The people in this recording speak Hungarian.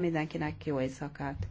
Mindenkinek jó éjszakát!